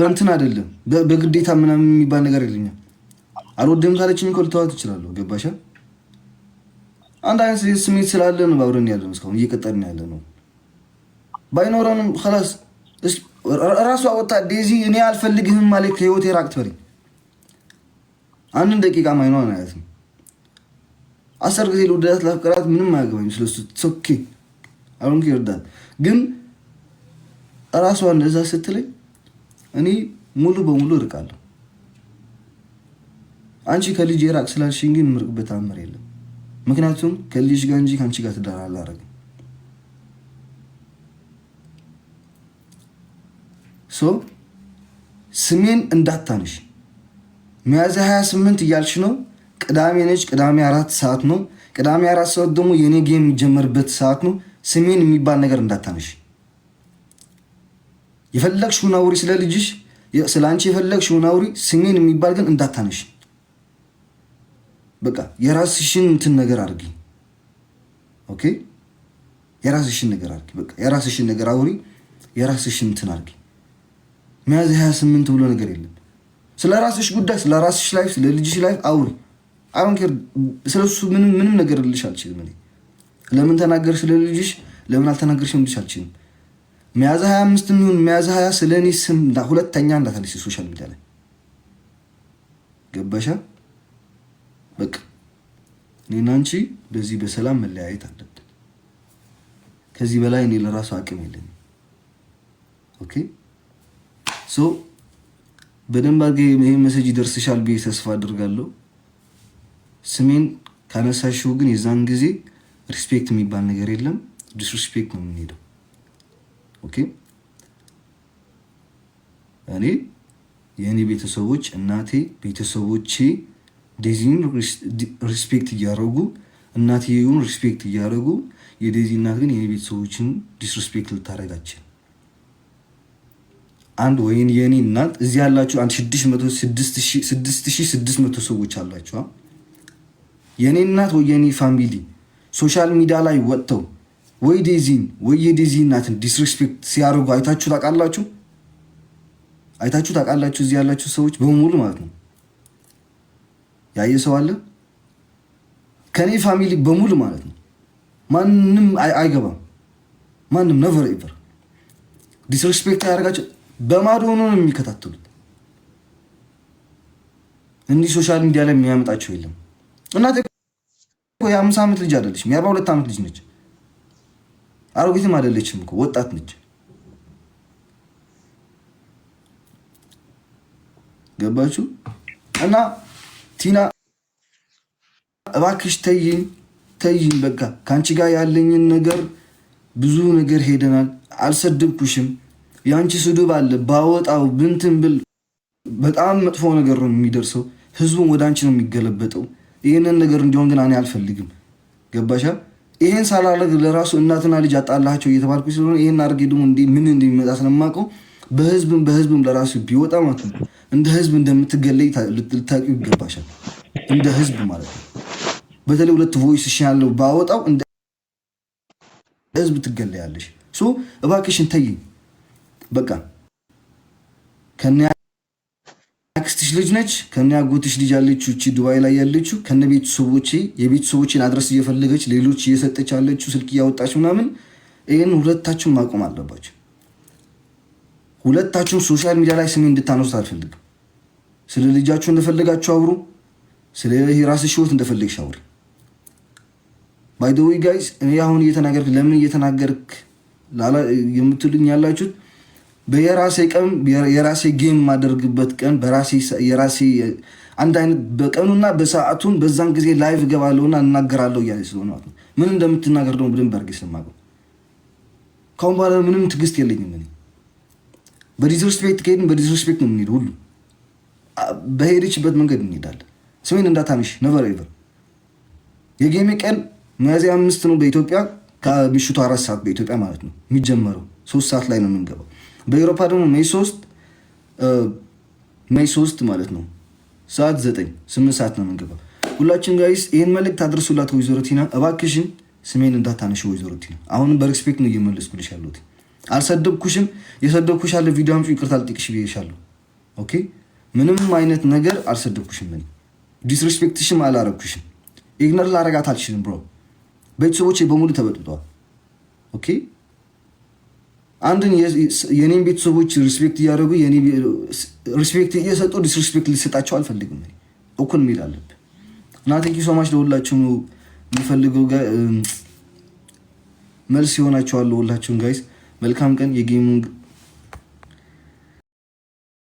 በእንትን አይደለም በግዴታ ምናምን የሚባል ነገር የለኝም። አልወደም ካለችኝ እኮ ልተዋት እችላለሁ። ገባሻ? አንድ አይነት ስሜት ስላለ ነው አብረን ያለ እስካሁን እየቀጠልን ያለ ነው። ባይኖረንም ላስ ራሷ ወታ ዴዚ እኔ አልፈልግህም ማለት ከህይወቴ ራቅ ትበለኝ። አንድን ደቂቃ ማይኗን አያትም። አስር ጊዜ ልወዳት ላፍቅራት ምንም አያገባኝ ስለሱ ሶኬ አሁን ይርዳል ግን እራሷ እንደዛ ስትለኝ እኔ ሙሉ በሙሉ እርቃለሁ። አንቺ ከልጅ የራቅ ስላልሽኝ ግን ምርቅበት አምር የለም። ምክንያቱም ከልጅ ጋር እንጂ ከአንቺ ጋር ትዳር አላረግም። ሶ ስሜን እንዳታንሽ ሚያዝያ 28 እያልሽ ነው። ቅዳሜ ነች። ቅዳሜ አራት ሰዓት ነው። ቅዳሜ አራት ሰዓት ደግሞ የእኔ ጌም የሚጀመርበት ሰዓት ነው። ስሜን የሚባል ነገር እንዳታንሽ። የፈለግሽውን አውሪ ስለ ልጅሽ፣ ስለ አንቺ የፈለግሽውን አውሪ። ስሜን የሚባል ግን እንዳታነሽ። በቃ የራስሽን እንትን ነገር አድርጊ። ኦኬ፣ የራስሽን ነገር አድርጊ። በቃ የራስሽን ነገር አውሪ፣ የራስሽን እንትን አድርጊ። መያዝ 28 ብሎ ነገር የለም። ስለ ራስሽ ጉዳይ፣ ስለ ራስሽ ላይፍ፣ ስለ ልጅሽ ላይፍ አውሪ። አሁን ስለሱ ምንም ነገር ልልሽ አልችልም። ለምን ተናገርሽ ስለ ልጅሽ፣ ለምን አልተናገርሽም ልልሽ አልችልም። ሚያዝያ 25 የሚሆን ሚያዝያ 20 ስለ እኔ ስም ሁለተኛ እንዳታነሺ ሶሻል ሚዲያ ላይ ገባሻ? በቃ እኔና አንቺ በዚህ በሰላም መለያየት አለብን። ከዚህ በላይ እኔ ለራሱ አቅም የለኝም። ኦኬ ሶ በደንብ አድርጌ ይህን መሰጅ ይደርስሻል ብዬ ተስፋ አድርጋለሁ። ስሜን ካነሳሽው ግን የዛን ጊዜ ሪስፔክት የሚባል ነገር የለም፣ ዲስሪስፔክት ነው የምንሄደው። ኦኬ እኔ የእኔ ቤተሰቦች እናቴ ቤተሰቦቼ ዴዚን ሪስፔክት እያደረጉ እናትየውን ሪስፔክት እያደረጉ የዴዚ እናት ግን የእኔ ቤተሰቦችን ዲስሪስፔክት ልታደረጋችን አንድ ወይን የእኔ እናት እዚህ ያላችሁ አንድ ስድስት ሺህ ስድስት መቶ ሰዎች አላችሁ። የእኔ እናት ወይ የእኔ ፋሚሊ ሶሻል ሚዲያ ላይ ወጥተው ወይ ዴዚን ወይ የዴዚ እናትን ዲስሪስፔክት ሲያደርጉ አይታችሁ ታውቃላችሁ? አይታችሁ ታውቃላችሁ? እዚህ ያላችሁ ሰዎች በሙሉ ማለት ነው። ያየ ሰው አለ? ከኔ ፋሚሊ በሙሉ ማለት ነው። ማንም አይገባም። ማንም ነቨር ኤቨር ዲስሪስፔክት ያደርጋቸው። በማዶ ሆኖ ነው የሚከታተሉት። እንዲህ ሶሻል ሚዲያ ላይ የሚያመጣቸው የለም። እናቴ የአምስት ዓመት ልጅ አይደለችም፣ የአርባ ሁለት ዓመት ልጅ ነች። አሮጊትም አይደለችም እኮ ወጣት ነች። ገባችሁ? እና ቲና እባክሽ ተይኝ ተይኝ፣ በቃ ከአንቺ ጋር ያለኝን ነገር ብዙ ነገር ሄደናል። አልሰደብኩሽም። የአንቺ ስድብ አለ ባወጣው ብንትን ብል በጣም መጥፎ ነገር ነው የሚደርሰው። ህዝቡን ወደ አንቺ ነው የሚገለበጠው። ይህንን ነገር እንዲሆን ግን እኔ አልፈልግም። ገባሻል? ይህን ሳላረግ ለራሱ እናትና ልጅ አጣላቸው እየተባልኩ ስለሆነ ይህን አድርጌ ደግሞ እንዲ ምን እንደሚመጣ ስለማውቀው በህዝብም በህዝብም ለራሱ ቢወጣ ማለት ነው እንደ ህዝብ እንደምትገለይ ልታውቂው ይገባሻል። እንደ ህዝብ ማለት ነው። በተለይ ሁለት ቮይስ እሺ ያለው ባወጣው እንደ ህዝብ ትገለያለሽ። እባክሽን ተይኝ በቃ ከነ አክስትሽ ልጅ ነች ከነ አጎትሽ ልጅ ያለችው እቺ ዱባይ ላይ ያለችው ከነ ቤተሰቦቼ የቤተሰቦችን አድረስ እየፈለገች ሌሎች እየሰጠች ያለችው ስልክ እያወጣች ምናምን፣ ይህን ሁለታችሁም ማቆም አለባችሁ። ሁለታችሁም ሶሻል ሚዲያ ላይ ስሜ እንድታነሱት አልፈልግም። ስለ ልጃችሁ እንደፈለጋችሁ አውሩ። ስለ ራስሽ ህይወት እንደፈለግሽ አውሪ። ባይ ዘ ወይ ጋይስ፣ እኔ አሁን እየተናገርክ ለምን እየተናገርክ የምትሉኝ ያላችሁት በየራሴ ቀን የራሴ ጌም የማደርግበት ቀን የራሴ አንድ አይነት በቀኑና በሰዓቱን በዛን ጊዜ ላይቭ እገባለሁና እናገራለሁ እያለ ስለሆነ ምን እንደምትናገር ደግሞ ብድን በርጌ ስለማውቀው ካሁን በኋላ ምንም ትግስት የለኝም። እኔ በዲስሪስፔክት ከሄድን በዲስሪስፔክት ነው የምንሄድ። ሁሉ በሄደችበት መንገድ እንሄዳለን። ስሜን እንዳታምሽ ነቨር ኤቨር። የጌሜ ቀን ሚያዝያ አምስት ነው በኢትዮጵያ ከምሽቱ አራት ሰዓት በኢትዮጵያ ማለት ነው የሚጀመረው። ሶስት ሰዓት ላይ ነው የምንገባው በኤሮፓ ደግሞ ሜይ ሶስት ሜይ ሶስት ማለት ነው ሰዓት ዘጠኝ ስምንት ሰዓት ነው የምንገባው። ሁላችን ጋይስ ይህን መልእክት አድርሱላት ወይዘሮ ቲና እባክሽን፣ ስሜን እንዳታነሽ ወይዘሮ ቲና። አሁንም በሪስፔክት ነው እየመለስኩልሽ ያለሁት። አልሰደብኩሽም። የሰደብኩሽ ያለ ቪዲዮ አምጪው ይቅርታ ልጠይቅሽ ብዬሻለሁ። ኦኬ ምንም አይነት ነገር አልሰደብኩሽም። ምን ዲስሪስፔክትሽም አላረግኩሽም። ኢግነር ላረጋት አልችልም ብሮ። ቤተሰቦች በሙሉ ተበጥጠዋል። ኦኬ አንድን የኔን ቤተሰቦች ሪስፔክት እያደረጉ ሪስፔክት እየሰጡ ዲስሪስፔክት ሊሰጣቸው አልፈልግም። እኩል ሚል አለብ እና ቴንኪ ሶማች ለሁላችሁ የሚፈልገው መልስ ይሆናቸዋል። ለሁላችሁን ጋይስ መልካም ቀን የጌሚንግ